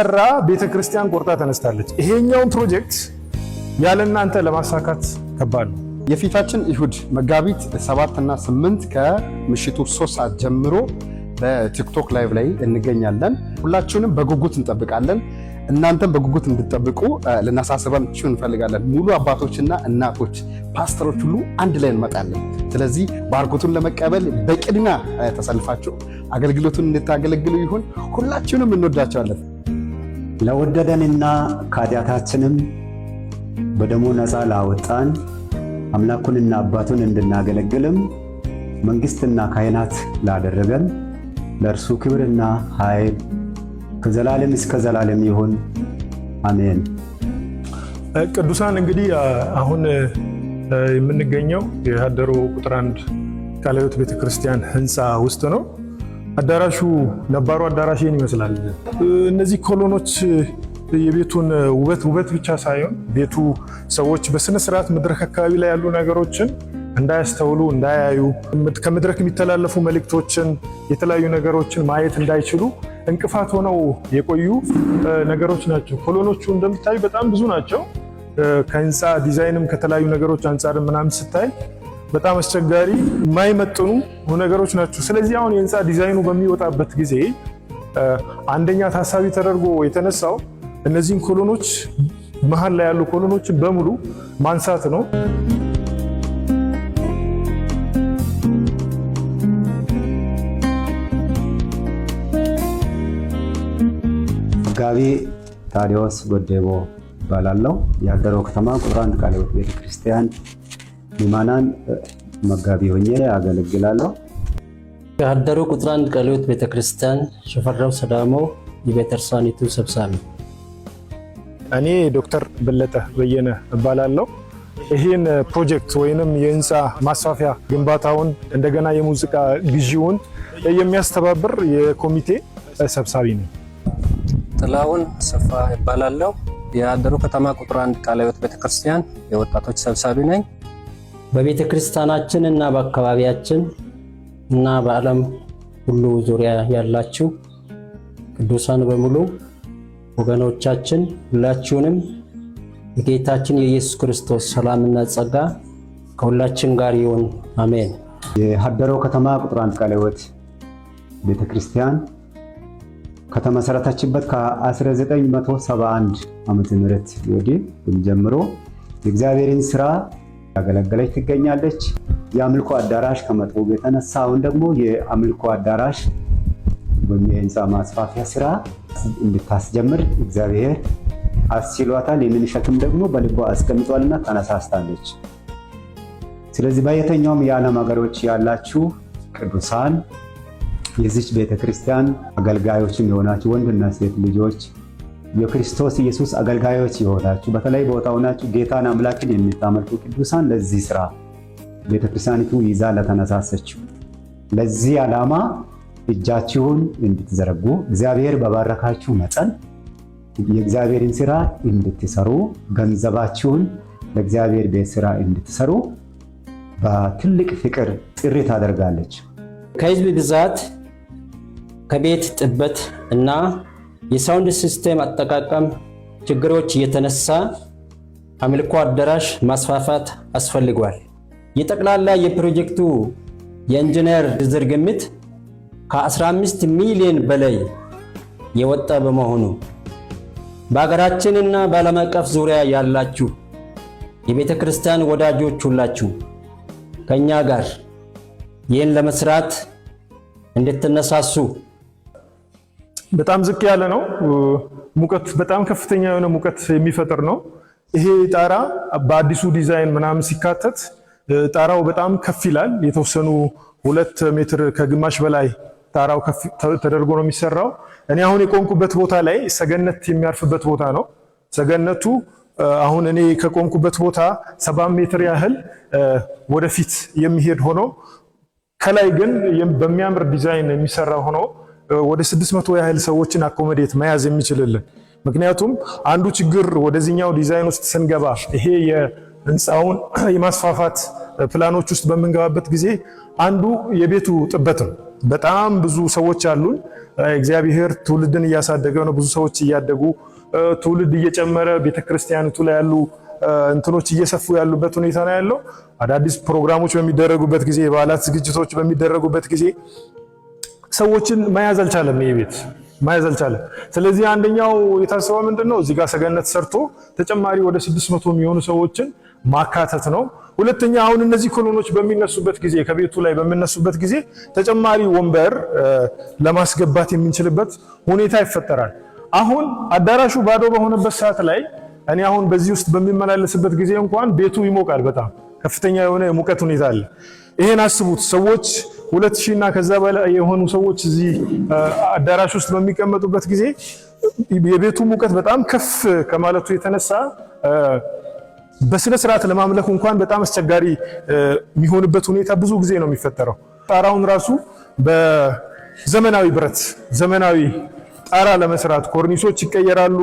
እንዲሰራ ቤተክርስቲያን ቆርጣ ተነስታለች። ይሄኛውን ፕሮጀክት ያለ እናንተ ለማሳካት ከባድ ነው። የፊታችን እሁድ መጋቢት ሰባትና እና 8 ከምሽቱ ሶስት ሰዓት ጀምሮ በቲክቶክ ላይቭ ላይ እንገኛለን። ሁላችሁንም በጉጉት እንጠብቃለን። እናንተም በጉጉት እንድጠብቁ ልናሳስባችሁ እንፈልጋለን። ሙሉ አባቶችና እናቶች፣ ፓስተሮች ሁሉ አንድ ላይ እንመጣለን። ስለዚህ ባርኮቱን ለመቀበል በቅድሚያ ተሰልፋችሁ አገልግሎቱን እንድታገለግሉ ይሁን። ሁላችሁንም እንወዳቸዋለን። ለወደደንና ከኃጢአታችንም በደሙ ነፃ ላወጣን አምላኩንና አባቱን እንድናገለግልም መንግሥትና ካህናት ላደረገን ለእርሱ ክብርና ኃይል ከዘላለም እስከ ዘላለም ይሁን፣ አሜን። ቅዱሳን እንግዲህ አሁን የምንገኘው የሀደሮ ቁጥር አንድ ቃለ ሕይወት ቤተክርስቲያን ህንፃ ውስጥ ነው። አዳራሹ ነባሩ አዳራሽ ይህን ይመስላል። እነዚህ ኮሎኖች የቤቱን ውበት ውበት ብቻ ሳይሆን ቤቱ ሰዎች በስነ ስርዓት መድረክ አካባቢ ላይ ያሉ ነገሮችን እንዳያስተውሉ እንዳያዩ፣ ከመድረክ የሚተላለፉ መልእክቶችን፣ የተለያዩ ነገሮችን ማየት እንዳይችሉ እንቅፋት ሆነው የቆዩ ነገሮች ናቸው። ኮሎኖቹ እንደምታዩ በጣም ብዙ ናቸው። ከህንፃ ዲዛይንም ከተለያዩ ነገሮች አንጻር ምናምን ስታይ በጣም አስቸጋሪ የማይመጥኑ ነገሮች ናቸው። ስለዚህ አሁን የህንፃ ዲዛይኑ በሚወጣበት ጊዜ አንደኛ ታሳቢ ተደርጎ የተነሳው እነዚህን ኮሎኖች መሀል ላይ ያሉ ኮሎኖችን በሙሉ ማንሳት ነው። ጋቢ ታዲዎስ ጎደቦ ይባላለው። የአደሮ ከተማ ቁጥር አንድ ቃለ ሕይወት ቤተክርስቲያን ሊማናን መጋቢ ሆኜ አገለግላለሁ። የሀደሩ ቁጥር አንድ ቃለ ሕይወት ቤተክርስቲያን ሽፈራው ሰዳሞ የቤተርሳኒቱ ሰብሳቢ። እኔ ዶክተር በለጠ በየነ እባላለሁ። ይህን ፕሮጀክት ወይንም የህንፃ ማስፋፊያ ግንባታውን እንደገና የሙዚቃ ግዢውን የሚያስተባብር የኮሚቴ ሰብሳቢ ነኝ። ጥላውን ሰፋ እባላለሁ። የሀደሩ ከተማ ቁጥር አንድ ቃለ ሕይወት ቤተክርስቲያን የወጣቶች ሰብሳቢ ነኝ። በቤተ ክርስቲያናችን እና በአካባቢያችን እና በዓለም ሁሉ ዙሪያ ያላችሁ ቅዱሳን በሙሉ ወገኖቻችን ሁላችሁንም የጌታችን የኢየሱስ ክርስቶስ ሰላምና ጸጋ ከሁላችን ጋር ይሁን፣ አሜን። የሀደሮ ከተማ ቁጥር አንድ ቃለ ሕይወት ቤተ ክርስቲያን ከተመሰረተችበት ከ1971 ዓመተ ምህረት ወዲህ ጀምሮ የእግዚአብሔርን ስራ ያገለገለች ትገኛለች። የአምልኮ አዳራሽ ከመጥቦ የተነሳ አሁን ደግሞ የአምልኮ አዳራሽ ወይም የህንፃ ማስፋፊያ ስራ እንድታስጀምር እግዚአብሔር አስችሏታል። ይህንን ሸክም ደግሞ በልቧ አስቀምጧልና ተነሳስታለች። ስለዚህ በየተኛውም የዓለም ሀገሮች ያላችሁ ቅዱሳን የዚች ቤተክርስቲያን አገልጋዮችም የሆናችሁ ወንድና ሴት ልጆች የክርስቶስ ኢየሱስ አገልጋዮች የሆናችሁ በተለይ ቦታ ሆናችሁ ጌታን አምላክን የምታመልኩ ቅዱሳን ለዚህ ስራ ቤተክርስቲያኒቱ ይዛ ለተነሳሰችው ለዚህ ዓላማ እጃችሁን እንድትዘረጉ እግዚአብሔር በባረካችሁ መጠን የእግዚአብሔርን ስራ እንድትሰሩ ገንዘባችሁን ለእግዚአብሔር ቤት ስራ እንድትሰሩ በትልቅ ፍቅር ጥሪ ታደርጋለች። ከህዝብ ብዛት ከቤት ጥበት እና የሳውንድ ሲስተም አጠቃቀም ችግሮች እየተነሳ አምልኮ አዳራሽ ማስፋፋት አስፈልጓል። የጠቅላላ የፕሮጀክቱ የኢንጂነር ዝርዝር ግምት ከ15 ሚሊዮን በላይ የወጣ በመሆኑ በሀገራችንና በዓለም አቀፍ ዙሪያ ያላችሁ የቤተ ክርስቲያን ወዳጆች ሁላችሁ ከእኛ ጋር ይህን ለመስራት እንድትነሳሱ በጣም ዝቅ ያለ ነው። ሙቀት በጣም ከፍተኛ የሆነ ሙቀት የሚፈጥር ነው። ይሄ ጣራ በአዲሱ ዲዛይን ምናምን ሲካተት ጣራው በጣም ከፍ ይላል። የተወሰኑ ሁለት ሜትር ከግማሽ በላይ ጣራው ተደርጎ ነው የሚሰራው። እኔ አሁን የቆምኩበት ቦታ ላይ ሰገነት የሚያርፍበት ቦታ ነው። ሰገነቱ አሁን እኔ ከቆምኩበት ቦታ ሰባ ሜትር ያህል ወደፊት የሚሄድ ሆኖ ከላይ ግን በሚያምር ዲዛይን የሚሰራ ሆኖ ወደ 600 ያህል ሰዎችን አኮሞዴት መያዝ የሚችልልን ምክንያቱም አንዱ ችግር ወደዚህኛው ዲዛይን ውስጥ ስንገባ ይሄ የህንፃውን የማስፋፋት ፕላኖች ውስጥ በምንገባበት ጊዜ አንዱ የቤቱ ጥበት ነው። በጣም ብዙ ሰዎች አሉን። እግዚአብሔር ትውልድን እያሳደገ ነው። ብዙ ሰዎች እያደጉ ትውልድ እየጨመረ ቤተክርስቲያኒቱ ላይ ያሉ እንትኖች እየሰፉ ያሉበት ሁኔታ ነው ያለው። አዳዲስ ፕሮግራሞች በሚደረጉበት ጊዜ፣ የበዓላት ዝግጅቶች በሚደረጉበት ጊዜ ሰዎችን መያዝ አልቻለም። ይሄ ቤት መያዝ አልቻለም። ስለዚህ አንደኛው የታሰበው ምንድን ነው እዚህ ጋር ሰገነት ሰርቶ ተጨማሪ ወደ 600 መቶ የሚሆኑ ሰዎችን ማካተት ነው። ሁለተኛ አሁን እነዚህ ኮሎኖች በሚነሱበት ጊዜ ከቤቱ ላይ በሚነሱበት ጊዜ ተጨማሪ ወንበር ለማስገባት የምንችልበት ሁኔታ ይፈጠራል። አሁን አዳራሹ ባዶ በሆነበት ሰዓት ላይ እኔ አሁን በዚህ ውስጥ በሚመላለስበት ጊዜ እንኳን ቤቱ ይሞቃል። በጣም ከፍተኛ የሆነ የሙቀት ሁኔታ አለ። ይሄን አስቡት ሰዎች ሁለት ሺህ እና ከዛ በላይ የሆኑ ሰዎች እዚህ አዳራሽ ውስጥ በሚቀመጡበት ጊዜ የቤቱ ሙቀት በጣም ከፍ ከማለቱ የተነሳ በስነ ስርዓት ለማምለክ እንኳን በጣም አስቸጋሪ የሚሆንበት ሁኔታ ብዙ ጊዜ ነው የሚፈጠረው። ጣራውን ራሱ በዘመናዊ ብረት ዘመናዊ ጣራ ለመስራት ኮርኒሶች ይቀየራሉ።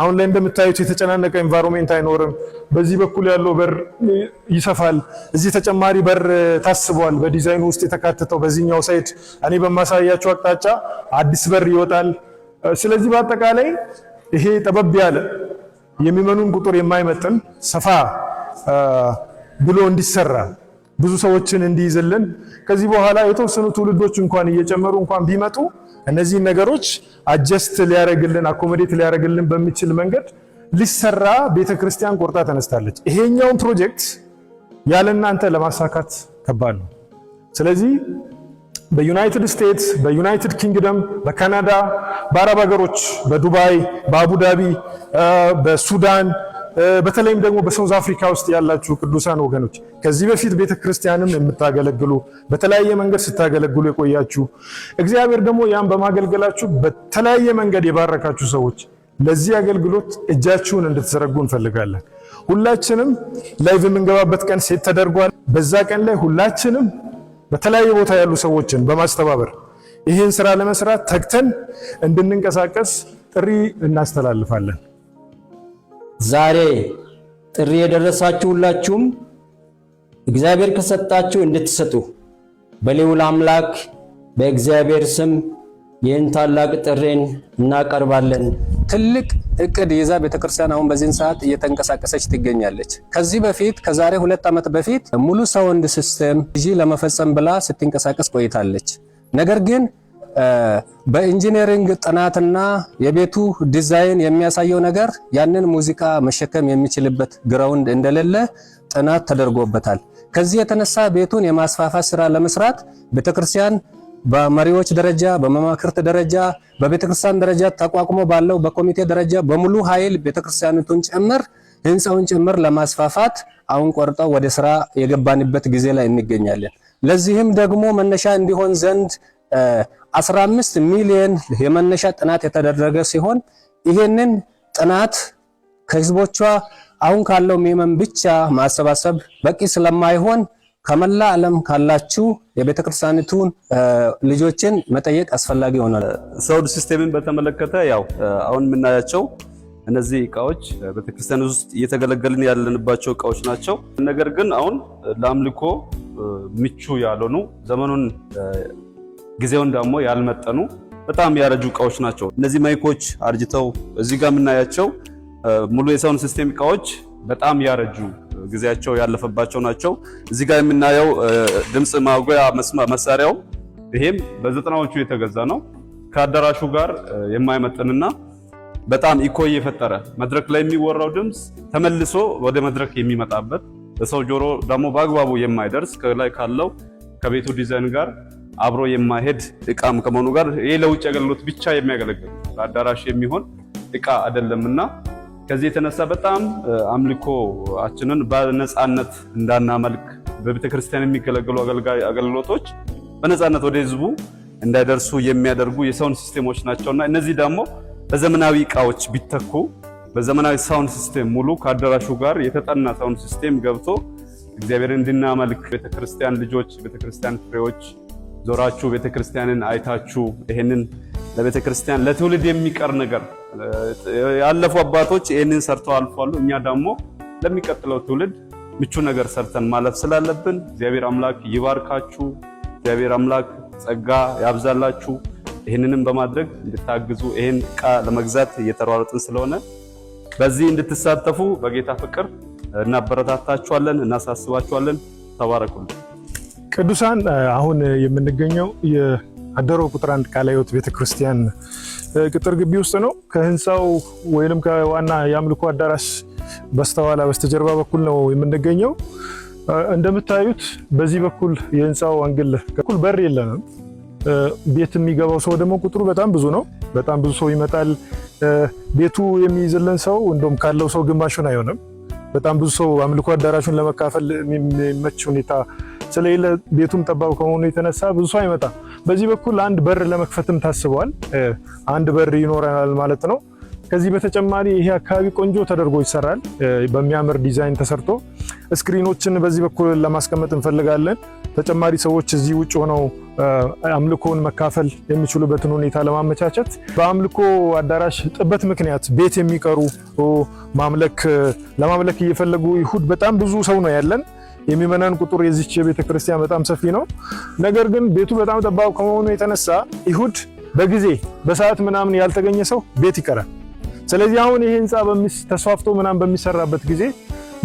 አሁን ላይ እንደምታዩት የተጨናነቀ ኤንቫይሮንሜንት አይኖርም። በዚህ በኩል ያለው በር ይሰፋል። እዚህ ተጨማሪ በር ታስቧል፣ በዲዛይኑ ውስጥ የተካተተው በዚህኛው ሳይት እኔ በማሳያቸው አቅጣጫ አዲስ በር ይወጣል። ስለዚህ በአጠቃላይ ይሄ ጠበብ ያለ የሚመኑን ቁጥር የማይመጥን ሰፋ ብሎ እንዲሰራ ብዙ ሰዎችን እንዲይዝልን ከዚህ በኋላ የተወሰኑ ትውልዶች እንኳን እየጨመሩ እንኳን ቢመጡ እነዚህን ነገሮች አጀስት ሊያረግልን አኮሞዴት ሊያደርግልን በሚችል መንገድ ሊሰራ ቤተክርስቲያን ቆርጣ ተነስታለች። ይሄኛውን ፕሮጀክት ያለ እናንተ ለማሳካት ከባድ ነው። ስለዚህ በዩናይትድ ስቴትስ፣ በዩናይትድ ኪንግደም፣ በካናዳ፣ በአረብ ሀገሮች፣ በዱባይ፣ በአቡዳቢ፣ በሱዳን በተለይም ደግሞ በሳውዝ አፍሪካ ውስጥ ያላችሁ ቅዱሳን ወገኖች ከዚህ በፊት ቤተክርስቲያንም የምታገለግሉ በተለያየ መንገድ ስታገለግሉ የቆያችሁ እግዚአብሔር ደግሞ ያን በማገልገላችሁ በተለያየ መንገድ የባረካችሁ ሰዎች ለዚህ አገልግሎት እጃችሁን እንድትዘረጉ እንፈልጋለን። ሁላችንም ላይቭ የምንገባበት ቀን ሴት ተደርጓል። በዛ ቀን ላይ ሁላችንም በተለያየ ቦታ ያሉ ሰዎችን በማስተባበር ይህን ስራ ለመስራት ተግተን እንድንንቀሳቀስ ጥሪ እናስተላልፋለን። ዛሬ ጥሪ የደረሳችሁ ሁላችሁም እግዚአብሔር ከሰጣችሁ እንድትሰጡ በልዑል አምላክ በእግዚአብሔር ስም ይህን ታላቅ ጥሪን እናቀርባለን። ትልቅ እቅድ ይዛ ቤተክርስቲያን አሁን በዚህን ሰዓት እየተንቀሳቀሰች ትገኛለች። ከዚህ በፊት ከዛሬ ሁለት ዓመት በፊት ሙሉ ሰውንድ ሲስተም ይዤ ለመፈጸም ብላ ስትንቀሳቀስ ቆይታለች። ነገር ግን በኢንጂነሪንግ ጥናትና የቤቱ ዲዛይን የሚያሳየው ነገር ያንን ሙዚቃ መሸከም የሚችልበት ግራውንድ እንደሌለ ጥናት ተደርጎበታል። ከዚህ የተነሳ ቤቱን የማስፋፋት ስራ ለመስራት ቤተክርስቲያን በመሪዎች ደረጃ በመማክርት ደረጃ በቤተክርስቲያን ደረጃ ተቋቁሞ ባለው በኮሚቴ ደረጃ በሙሉ ኃይል ቤተክርስቲያኒቱን ጭምር ህንፃውን ጭምር ለማስፋፋት አሁን ቆርጠው ወደ ስራ የገባንበት ጊዜ ላይ እንገኛለን። ለዚህም ደግሞ መነሻ እንዲሆን ዘንድ 15 ሚሊዮን የመነሻ ጥናት የተደረገ ሲሆን ይህንን ጥናት ከህዝቦቿ አሁን ካለው ምዕመን ብቻ ማሰባሰብ በቂ ስለማይሆን ከመላ ዓለም ካላችሁ የቤተ ክርስቲያኒቱን ልጆችን መጠየቅ አስፈላጊ ሆኗል። ሰውድ ሲስቴምን በተመለከተ ያው አሁን የምናያቸው እነዚህ እቃዎች ቤተ ክርስቲያን ውስጥ እየተገለገልን ያለንባቸው እቃዎች ናቸው። ነገር ግን አሁን ለአምልኮ ምቹ ያልሆኑ ዘመኑን ጊዜውን ደግሞ ያልመጠኑ በጣም ያረጁ እቃዎች ናቸው። እነዚህ ማይኮች አርጅተው እዚህ ጋር የምናያቸው ሙሉ የሳውንድ ሲስቴም እቃዎች በጣም ያረጁ ጊዜያቸው ያለፈባቸው ናቸው። እዚህ ጋር የምናየው ድምፅ ማጉያ መሳሪያው ይሄም በዘጠናዎቹ የተገዛ ነው። ከአዳራሹ ጋር የማይመጥንና በጣም ኢኮይ የፈጠረ መድረክ ላይ የሚወራው ድምፅ ተመልሶ ወደ መድረክ የሚመጣበት በሰው ጆሮ ደግሞ በአግባቡ የማይደርስ ከላይ ካለው ከቤቱ ዲዛይን ጋር አብሮ የማይሄድ እቃም ከመሆኑ ጋር ይህ ለውጭ አገልግሎት ብቻ የሚያገለግል ለአዳራሽ የሚሆን እቃ አይደለም እና ከዚህ የተነሳ በጣም አምልኮአችንን በነፃነት እንዳናመልክ በቤተክርስቲያን የሚገለገሉ አገልግሎቶች በነፃነት ወደ ህዝቡ እንዳይደርሱ የሚያደርጉ የሳውንድ ሲስቴሞች ናቸውና እነዚህ ደግሞ በዘመናዊ እቃዎች ቢተኩ በዘመናዊ ሳውንድ ሲስቴም ሙሉ ከአዳራሹ ጋር የተጠና ሳውንድ ሲስቴም ገብቶ እግዚአብሔርን እንድናመልክ ቤተክርስቲያን ልጆች፣ ቤተክርስቲያን ፍሬዎች ዞራችሁ ቤተክርስቲያንን አይታችሁ ይሄንን ለቤተክርስቲያን ለትውልድ የሚቀር ነገር ያለፉ አባቶች ይሄንን ሰርተው አልፏሉ። እኛ ደግሞ ለሚቀጥለው ትውልድ ምቹ ነገር ሰርተን ማለፍ ስላለብን እግዚአብሔር አምላክ ይባርካችሁ። እግዚአብሔር አምላክ ጸጋ ያብዛላችሁ። ይህንንም በማድረግ እንድታግዙ ይህን እቃ ለመግዛት እየተሯረጥን ስለሆነ በዚህ እንድትሳተፉ በጌታ ፍቅር እናበረታታችኋለን፣ እናሳስባችኋለን። ተባረኩልን። ቅዱሳን አሁን የምንገኘው የአደሮ ቁጥር አንድ ቃለ ሕይወት ቤተክርስቲያን ቅጥር ግቢ ውስጥ ነው። ከህንፃው ወይንም ከዋና የአምልኮ አዳራሽ በስተኋላ በስተጀርባ በኩል ነው የምንገኘው። እንደምታዩት በዚህ በኩል የህንፃው አንግል በኩል በር የለንም። ቤት የሚገባው ሰው ደግሞ ቁጥሩ በጣም ብዙ ነው። በጣም ብዙ ሰው ይመጣል። ቤቱ የሚይዝልን ሰው እንደውም ካለው ሰው ግማሹን አይሆንም። በጣም ብዙ ሰው አምልኮ አዳራሹን ለመካፈል የሚመች ሁኔታ ስለሌለ ቤቱም ጠባብ ከመሆኑ የተነሳ ብዙ ሰው አይመጣም። በዚህ በኩል አንድ በር ለመክፈትም ታስቧል። አንድ በር ይኖረናል ማለት ነው። ከዚህ በተጨማሪ ይሄ አካባቢ ቆንጆ ተደርጎ ይሰራል። በሚያምር ዲዛይን ተሰርቶ ስክሪኖችን በዚህ በኩል ለማስቀመጥ እንፈልጋለን። ተጨማሪ ሰዎች እዚህ ውጭ ሆነው አምልኮውን መካፈል የሚችሉበትን ሁኔታ ለማመቻቸት በአምልኮ አዳራሽ ጥበት ምክንያት ቤት የሚቀሩ ማምለክ ለማምለክ እየፈለጉ ይሁድ በጣም ብዙ ሰው ነው ያለን የሚመናን ቁጥር የዚች የቤተ ክርስቲያን በጣም ሰፊ ነው። ነገር ግን ቤቱ በጣም ጠባብ ከመሆኑ የተነሳ ይሁድ በጊዜ በሰዓት ምናምን ያልተገኘ ሰው ቤት ይቀራል። ስለዚህ አሁን ይሄ ህንፃ ተስፋፍቶ ምናምን በሚሰራበት ጊዜ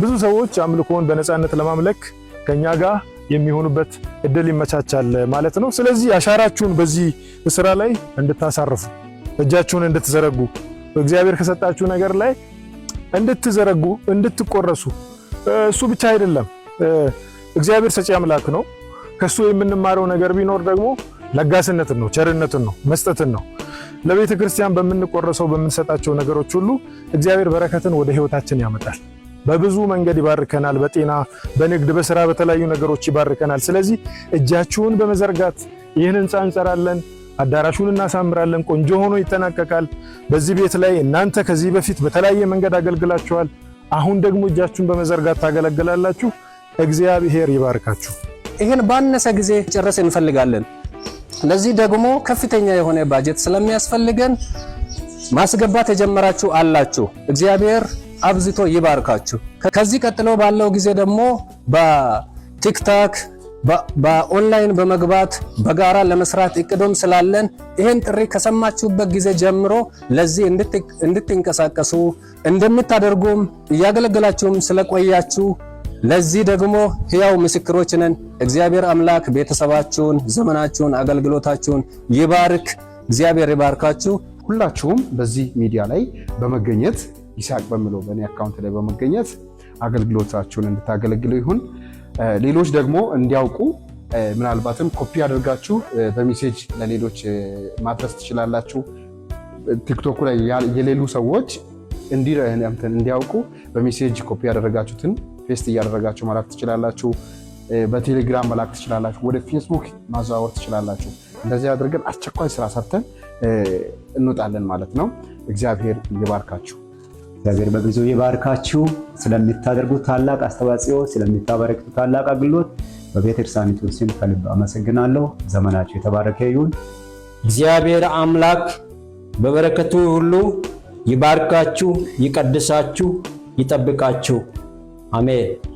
ብዙ ሰዎች አምልኮን በነፃነት ለማምለክ ከኛ ጋር የሚሆኑበት እድል ይመቻቻል ማለት ነው። ስለዚህ አሻራችሁን በዚህ ስራ ላይ እንድታሳርፉ እጃችሁን እንድትዘረጉ እግዚአብሔር ከሰጣችሁ ነገር ላይ እንድትዘረጉ እንድትቆረሱ እሱ ብቻ አይደለም እግዚአብሔር ሰጪ አምላክ ነው። ከሱ የምንማረው ነገር ቢኖር ደግሞ ለጋስነትን ነው፣ ቸርነትን ነው፣ መስጠትን ነው። ለቤተ ክርስቲያን በምንቆረሰው በምንሰጣቸው ነገሮች ሁሉ እግዚአብሔር በረከትን ወደ ህይወታችን ያመጣል። በብዙ መንገድ ይባርከናል። በጤና በንግድ በስራ በተለያዩ ነገሮች ይባርከናል። ስለዚህ እጃችሁን በመዘርጋት ይህን ህንፃ እንሰራለን፣ አዳራሹን እናሳምራለን፣ ቆንጆ ሆኖ ይጠናቀቃል። በዚህ ቤት ላይ እናንተ ከዚህ በፊት በተለያየ መንገድ አገልግላችኋል። አሁን ደግሞ እጃችሁን በመዘርጋት ታገለግላላችሁ። እግዚአብሔር ይባርካችሁ። ይህን ባነሰ ጊዜ ጨረስ እንፈልጋለን። ለዚህ ደግሞ ከፍተኛ የሆነ ባጀት ስለሚያስፈልገን ማስገባት የጀመራችሁ አላችሁ። እግዚአብሔር አብዝቶ ይባርካችሁ። ከዚህ ቀጥሎ ባለው ጊዜ ደግሞ በቲክታክ በኦንላይን በመግባት በጋራ ለመስራት እቅዶም ስላለን ይህን ጥሪ ከሰማችሁበት ጊዜ ጀምሮ ለዚህ እንድትንቀሳቀሱ እንደምታደርጉም እያገለገላችሁም ስለቆያችሁ ለዚህ ደግሞ ሕያው ምስክሮች ነን። እግዚአብሔር አምላክ ቤተሰባችሁን፣ ዘመናችሁን፣ አገልግሎታችሁን ይባርክ። እግዚአብሔር ይባርካችሁ። ሁላችሁም በዚህ ሚዲያ ላይ በመገኘት ይስሐቅ በምለው በእኔ አካውንት ላይ በመገኘት አገልግሎታችሁን እንድታገለግሉ ይሁን። ሌሎች ደግሞ እንዲያውቁ ምናልባትም ኮፒ አድርጋችሁ በሜሴጅ ለሌሎች ማድረስ ትችላላችሁ። ቲክቶክ ላይ የሌሉ ሰዎች እንዲረህንምትን እንዲያውቁ በሜሴጅ ኮፒ ያደረጋችሁትን ፌስት እያደረጋችሁ መላክ ትችላላችሁ። በቴሌግራም መላክ ትችላላችሁ። ወደ ፌስቡክ ማዘዋወር ትችላላችሁ። እንደዚህ አድርገን አስቸኳይ ስራ ሰርተን እንወጣለን ማለት ነው። እግዚአብሔር ይባርካችሁ። እግዚአብሔር በብዙ ይባርካችሁ። ስለሚታደርጉት ታላቅ አስተዋጽኦ፣ ስለሚታበረክቱ ታላቅ አገልግሎት በቤተክርስቲያኒቱ ስም ከልብ አመሰግናለሁ። ዘመናችሁ የተባረከ ይሁን። እግዚአብሔር አምላክ በበረከቱ ሁሉ ይባርካችሁ፣ ይቀድሳችሁ፣ ይጠብቃችሁ። አሜን።